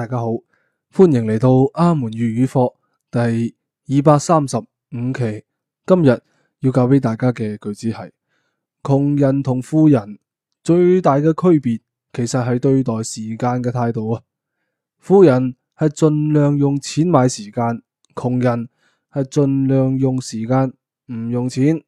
大家好，歡迎嚟到阿門粵語課第二百三十五期。今日要教俾大家嘅句子係：窮人同富人最大嘅區別，其實係對待時間嘅態度啊。富人係盡量用錢買時間，窮人係盡量用時間唔用錢。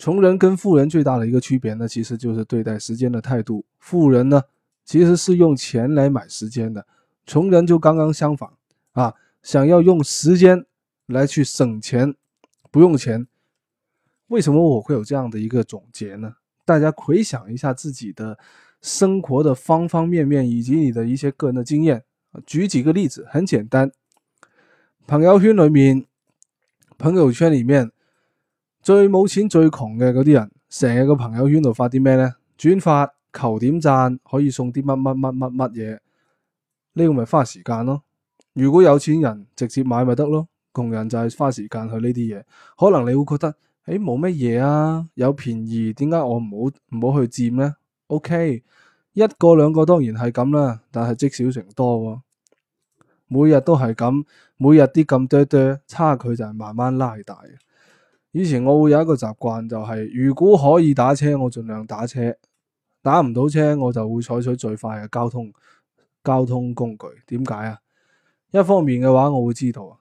窮人跟富人最大嘅一個區別呢，其實就是對待時間嘅態度。富人呢，其實是用錢來買時間的，窮人就剛剛相反啊！想要用時間來去省錢，不用錢。為什麼我會有這樣的一個總結呢？大家回想一下自己的生活的方方面面，以及你的一些個人的經驗。舉幾個例子，很簡單。朋友圈裏面，朋友圈裏面最冇錢、最窮嘅嗰啲人，成日個朋友圈度發啲咩呢？轉發。求點贊可以送啲乜乜乜乜乜嘢？呢個咪花時間咯。如果有錢人直接買咪得咯，窮人就係花時間去呢啲嘢。可能你會覺得誒冇乜嘢啊，有便宜點解我唔好唔好去佔呢？OK，一個兩個當然係咁啦，但係積少成多啊，每日都係咁，每日啲咁多多，差距就係慢慢拉大。以前我會有一個習慣，就係如果可以打車，我盡量打車。打唔到車，我就會採取最快嘅交通交通工具。點解啊？一方面嘅話，我會知道啊。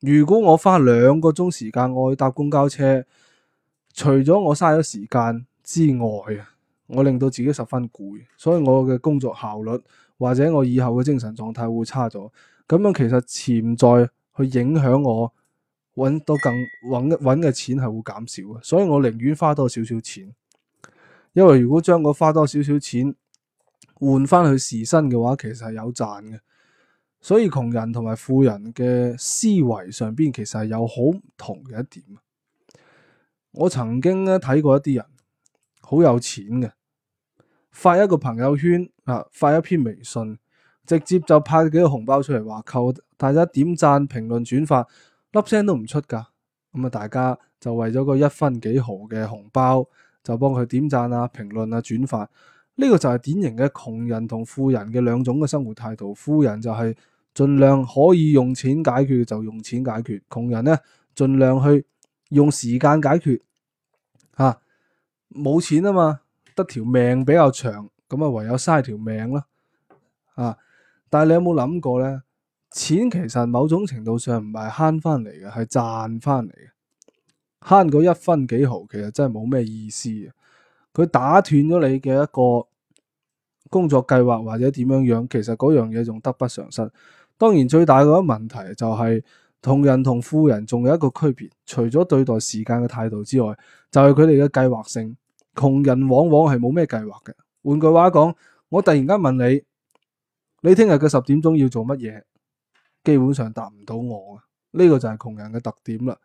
如果我花兩個鐘時間我去搭公交車，除咗我嘥咗時間之外啊，我令到自己十分攰，所以我嘅工作效率或者我以後嘅精神狀態會差咗。咁樣其實潛在去影響我揾到更揾揾嘅錢係會減少嘅，所以我寧願花多少少錢。因為如果將我花多少少錢換翻去時薪嘅話，其實係有賺嘅。所以窮人同埋富人嘅思維上邊，其實係有好唔同嘅一點。我曾經咧睇過一啲人，好有錢嘅，發一個朋友圈啊，發一篇微信，直接就派幾個紅包出嚟話扣，大家點讚、評論、轉發，粒聲都唔出噶。咁啊，大家就為咗個一分幾毫嘅紅包，就幫佢點讚啊、評論啊、轉發呢個就係典型嘅窮人同富人嘅兩種嘅生活態度。富人就係盡量可以用錢解決就用錢解決，窮人呢，盡量去用時間解決吓。啊，冇錢啊嘛，得條命比較長，咁啊唯有嘥條命啦啊！但係你有冇諗過呢？錢其實某種程度上唔係慳翻嚟嘅，係賺翻嚟嘅。慳嗰一分幾毫，其實真係冇咩意思。佢打斷咗你嘅一個工作計劃，或者點樣樣，其實嗰樣嘢仲得不償失。當然，最大嗰個問題就係窮人同富人仲有一個區別，除咗對待時間嘅態度之外，就係佢哋嘅計劃性。窮人往往係冇咩計劃嘅。換句話講，我突然間問你，你聽日嘅十點鐘要做乜嘢？基本上答唔到我嘅。呢個就係窮人嘅特點啦。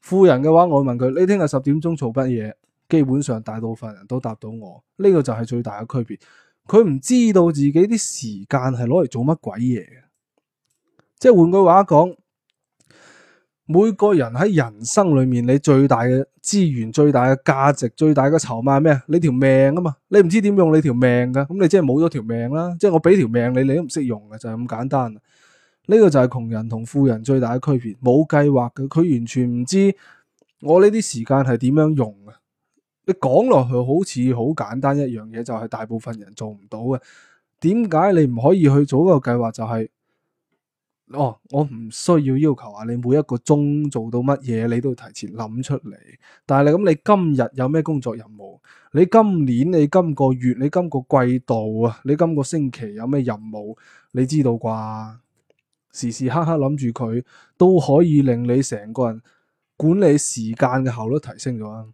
富人嘅話，我問佢：你聽日十點鐘做乜嘢？基本上大部分人都答到我，呢個就係最大嘅區別。佢唔知道自己啲時間係攞嚟做乜鬼嘢嘅。即係換句話講，每個人喺人生裏面，你最大嘅資源、最大嘅價值、最大嘅籌碼係咩啊？你條命啊嘛，你唔知點用你條命嘅，咁你即係冇咗條命啦。即係我俾條命你，你都唔識用嘅，就係咁簡單。呢個就係窮人同富人最大嘅區別，冇計劃嘅佢完全唔知我呢啲時間係點樣用嘅。你講落去好似好簡單一樣嘢，就係大部分人做唔到嘅。點解你唔可以去做一個計劃？就係哦，我唔需要要求啊，你每一個鐘做到乜嘢，你都提前諗出嚟。但係你咁，你今日有咩工作任務？你今年、你今個月、你今個季度啊，你今個星期有咩任務？你知道啩？時時刻刻諗住佢，都可以令你成個人管理時間嘅效率提升咗。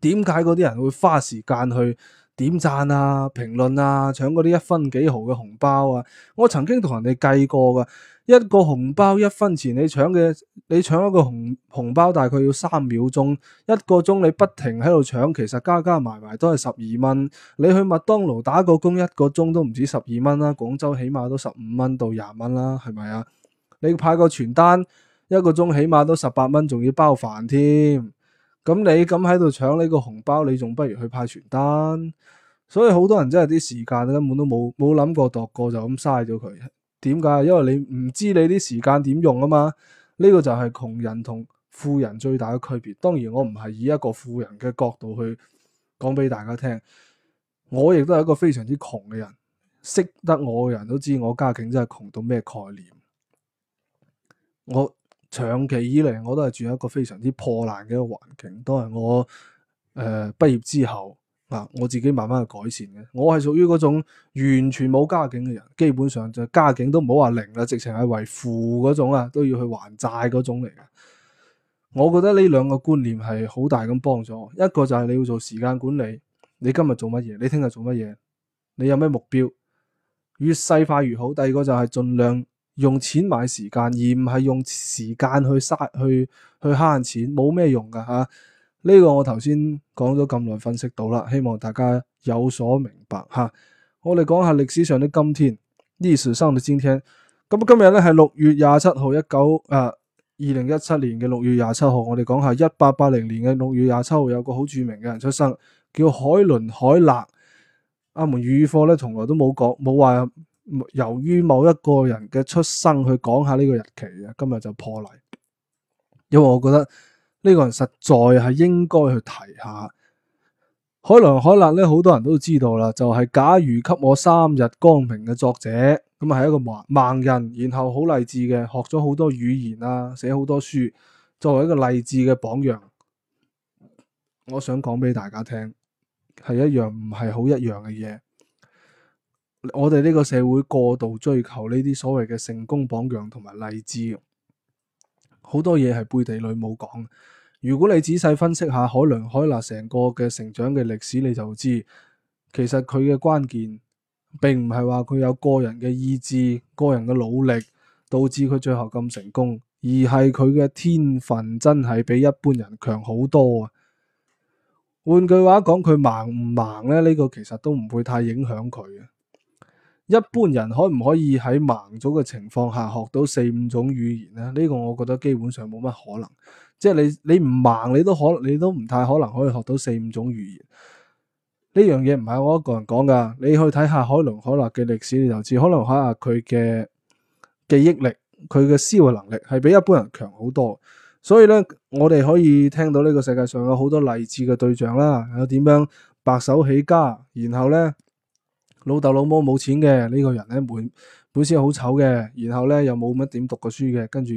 點解嗰啲人會花時間去？點讚啊，評論啊，搶嗰啲一分幾毫嘅紅包啊！我曾經同人哋計過㗎，一個紅包一分錢，你搶嘅，你搶一個紅紅包，大概要三秒鐘，一個鐘你不停喺度搶，其實加加埋埋都係十二蚊。你去麥當勞打個工一個鐘都唔止十二蚊啦，廣州起碼都十五蚊到廿蚊啦，係咪啊？你派個傳單一個鐘起碼都十八蚊，仲要包飯添。咁你咁喺度搶呢個紅包，你仲不如去派傳單。所以好多人真係啲時間根本都冇冇諗過度過就咁嘥咗佢。點解？因為你唔知你啲時間點用啊嘛。呢個就係窮人同富人最大嘅區別。當然我唔係以一個富人嘅角度去講俾大家聽。我亦都係一個非常之窮嘅人，識得我嘅人都知我家境真係窮到咩概念。我。長期以嚟我都係住喺一個非常之破爛嘅一個環境，都係我誒畢、呃、業之後嗱、啊、我自己慢慢去改善嘅。我係屬於嗰種完全冇家境嘅人，基本上就家境都唔好話零啦，直情係為負嗰種啊，都要去還債嗰種嚟嘅。我覺得呢兩個觀念係好大咁幫助我，一個就係你要做時間管理，你今日做乜嘢，你聽日做乜嘢，你有咩目標，越細化越好。第二個就係盡量，用錢買時間，而唔係用時間去嘥去去慳錢，冇咩用噶嚇。呢、呢個我頭先講咗咁耐分析到啦，希望大家有所明白嚇。我哋講下歷史上的今天，呢時生到尖聽。咁今日咧係六月廿七號，一九誒二零一七年嘅六月廿七號，我哋講下一八八零年嘅六月廿七號，有個好著名嘅人出生，叫海倫·凱、啊、勒。阿門語課咧，從來都冇講，冇話。由於某一個人嘅出生去講下呢個日期啊，今日就破例，因為我覺得呢個人實在係應該去提下海倫凱勒咧，好多人都知道啦，就係假如給我三日光明嘅作者，咁啊係一個盲盲人，然後好勵志嘅，學咗好多語言啊，寫好多書，作為一個勵志嘅榜樣，我想講俾大家聽，係一樣唔係好一樣嘅嘢。我哋呢個社會過度追求呢啲所謂嘅成功榜樣同埋勵志，好多嘢係背地裏冇講。如果你仔細分析下海倫、海納成個嘅成長嘅歷史，你就知其實佢嘅關鍵並唔係話佢有個人嘅意志、個人嘅努力導致佢最後咁成功，而係佢嘅天分真係比一般人強好多啊。換句話講，佢盲唔盲咧？呢、這個其實都唔會太影響佢嘅。一般人可唔可以喺盲咗嘅情況下學到四五種語言呢？呢、呢個我覺得基本上冇乜可能，即係你你唔盲你都可你都唔太可能可以學到四五種語言。呢樣嘢唔係我一個人講噶，你去睇下海倫凱勒嘅歷史你就知，可能睇下佢嘅記憶力、佢嘅思維能力係比一般人強好多。所以呢，我哋可以聽到呢個世界上有好多勵志嘅對象啦，有點樣白手起家，然後呢……老豆老母冇錢嘅呢個人咧，本本身好醜嘅，然後咧又冇乜點讀過書嘅，跟住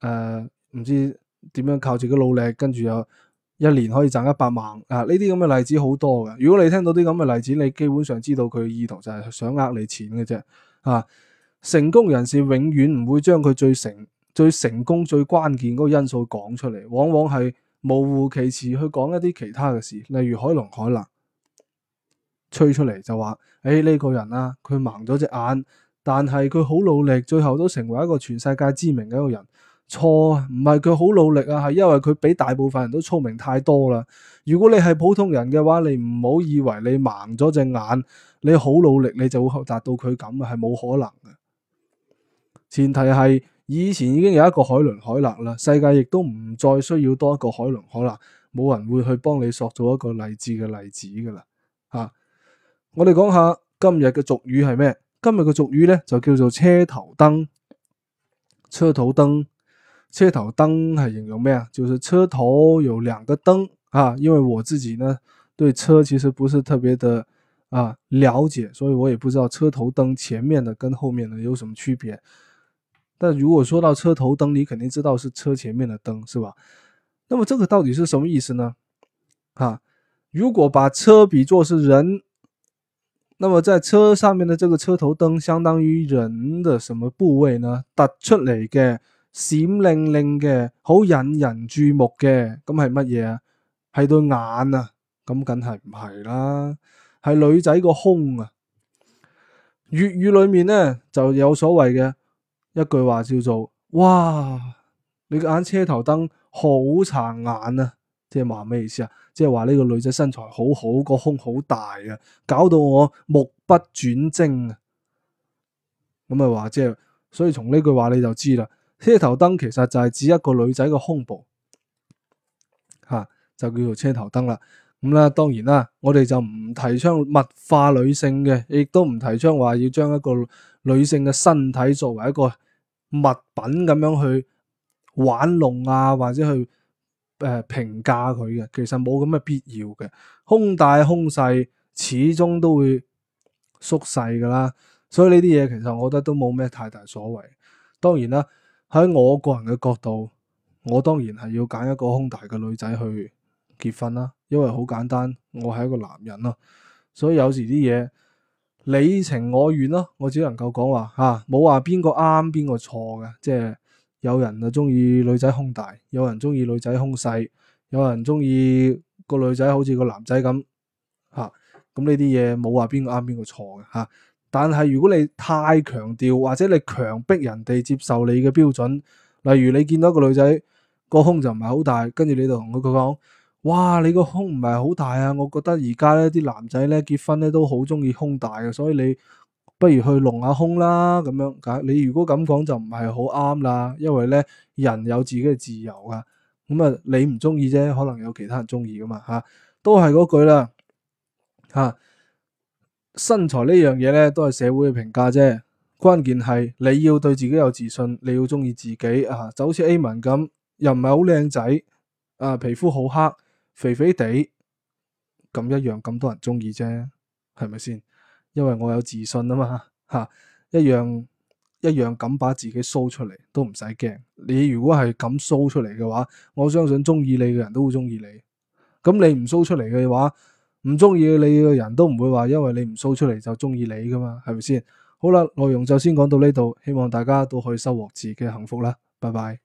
誒唔知點樣靠自己努力，跟住又一年可以賺一百萬啊！呢啲咁嘅例子好多嘅。如果你聽到啲咁嘅例子，你基本上知道佢意圖就係想呃你錢嘅啫啊！成功人士永遠唔會將佢最成最成功最關鍵嗰個因素講出嚟，往往係模糊其詞去講一啲其他嘅事，例如海龍海南。吹出嚟就話，誒，呢個人啊，佢盲咗隻眼，但係佢好努力，最後都成為一個全世界知名嘅一個人。錯，唔係佢好努力啊，係因為佢比大部分人都聰明太多啦。如果你係普通人嘅話，你唔好以為你盲咗隻眼，你好努力，你就會達到佢咁啊，係冇可能嘅。前提係以前已經有一個海倫·凱勒啦，世界亦都唔再需要多一個海倫·凱勒，冇人會去幫你塑造一個勵志嘅例子噶啦。我哋講下今日嘅俗語係咩？今日嘅俗語呢，就叫做車頭燈、車頭燈、車頭燈係形容咩啊？就是車頭有兩個燈啊。因為我自己呢對車其實不是特別的啊了解，所以我也不知道車頭燈前面的跟後面的有什麼區別。但如果說到車頭燈，你肯定知道是車前面的燈，是吧？那麼這個到底是什麼意思呢？啊，如果把車比作是人。那麼在車上面嘅這個車頭燈，相當於人的什麼部位呢？突出嚟嘅，閃令令嘅，好引人注目嘅，咁係乜嘢啊？係對眼啊？咁梗係唔係啦？係女仔個胸啊？粵語裏面呢，就有所謂嘅一句話叫做：哇，你個眼車頭燈好殘眼啊！即係話咩意思啊？即係話呢個女仔身材好好，個胸好大啊，搞到我目不轉睛啊！咁啊話即係，所以從呢句話你就知啦。車頭燈其實就係指一個女仔嘅胸部，吓啊就叫做車頭燈啦。咁啦，當然啦，我哋就唔提倡物化女性嘅，亦都唔提倡話要將一個女性嘅身體作為一個物品咁樣去玩弄啊，或者去。誒、呃，評價佢嘅其實冇咁嘅必要嘅，胸大胸細始終都會縮細噶啦，所以呢啲嘢其實我覺得都冇咩太大所謂。當然啦，喺我個人嘅角度，我當然係要揀一個胸大嘅女仔去結婚啦，因為好簡單，我係一個男人咯。所以有時啲嘢你情我願咯，我只能夠講話吓，冇話邊個啱邊個錯嘅，即係。有人就中意女仔胸大，有人中意女仔胸細，有人中意個女仔好似個男仔咁吓。咁呢啲嘢冇話邊個啱邊個錯嘅吓、啊。但係如果你太強調或者你強迫人哋接受你嘅標準，例如你見到個女仔個胸就唔係好大，跟住你就同佢講：哇，你個胸唔係好大啊！我覺得而家呢啲男仔呢，結婚呢都好中意胸大嘅，所以你，不如去隆下胸啦，咁樣，你如果咁講就唔係好啱啦，因為咧人有自己嘅自由噶、啊，咁啊你唔中意啫，可能有其他人中意噶嘛吓、啊，都係嗰句啦吓、啊，身材呢樣嘢咧都係社會嘅評價啫，關鍵係你要對自己有自信，你要中意自己啊，就好似阿門咁，又唔係好靚仔啊，皮膚好黑，肥肥地咁一樣，咁多人中意啫，係咪先？因為我有自信啊嘛，吓、啊、一樣一樣咁把自己 show 出嚟，都唔使驚。你如果係咁 show 出嚟嘅話，我相信中意你嘅人都會中意你。咁你唔 show 出嚟嘅話，唔中意你嘅人都唔會話因為你唔 show 出嚟就中意你㗎嘛，係咪先？好啦，內容就先講到呢度，希望大家都可以收穫自己嘅幸福啦。拜拜。